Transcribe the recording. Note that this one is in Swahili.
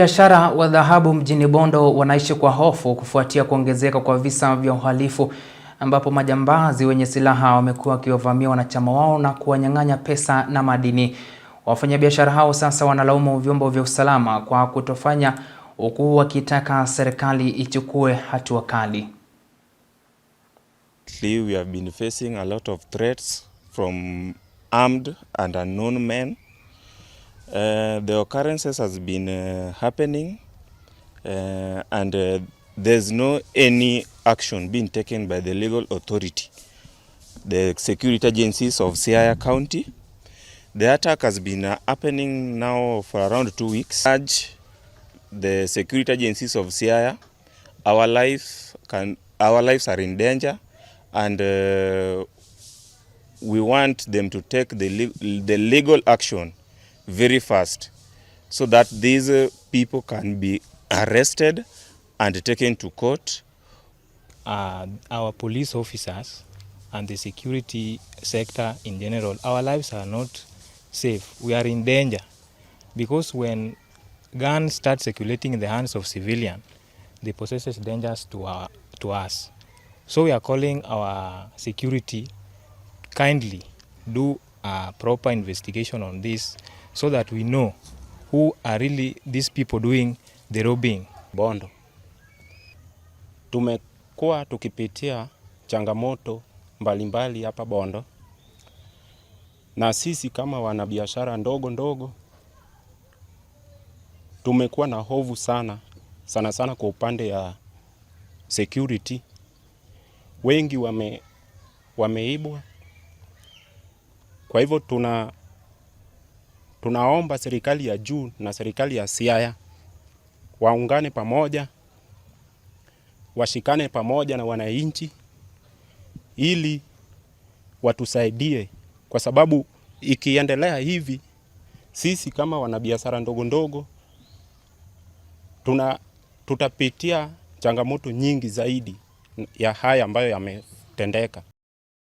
Biashara wa dhahabu mjini Bondo wanaishi kwa hofu kufuatia kuongezeka kwa visa vya uhalifu ambapo majambazi wenye silaha wamekuwa wakiwavamia wanachama wao na kuwanyang'anya pesa na madini. Wafanyabiashara hao sasa wanalaumu vyombo vya usalama kwa kutofanya huku wakitaka serikali ichukue hatua kali. We have been facing a lot of threats from armed and unknown men. Uh, the occurrences has been uh, happening uh, and uh, there's no any action being taken by the legal authority the security agencies of Siaya County the attack has been uh, happening now for around two weeks urge the security agencies of Siaya our life can our lives are in danger and uh, we want them to take the, the legal action very fast so that these uh, people can be arrested and taken to court. Uh, our police officers and the security sector in general, our lives are not safe. We are in danger because when guns start circulating in the hands of civilians, they possesses dangers to, our, to us. So we are calling our security kindly do a proper investigation on this so that we know who are really these people doing the robbing. Bondo, tumekuwa tukipitia changamoto mbalimbali hapa mbali Bondo, na sisi kama wanabiashara ndogo ndogo tumekuwa na hofu sana sana sana kwa upande ya security. Wengi wame, wameibwa, kwa hivyo tuna Tunaomba serikali ya juu na serikali ya Siaya waungane pamoja, washikane pamoja na wananchi ili watusaidie, kwa sababu ikiendelea hivi sisi kama wanabiashara ndogo ndogo tuna tutapitia changamoto nyingi zaidi ya haya ambayo yametendeka.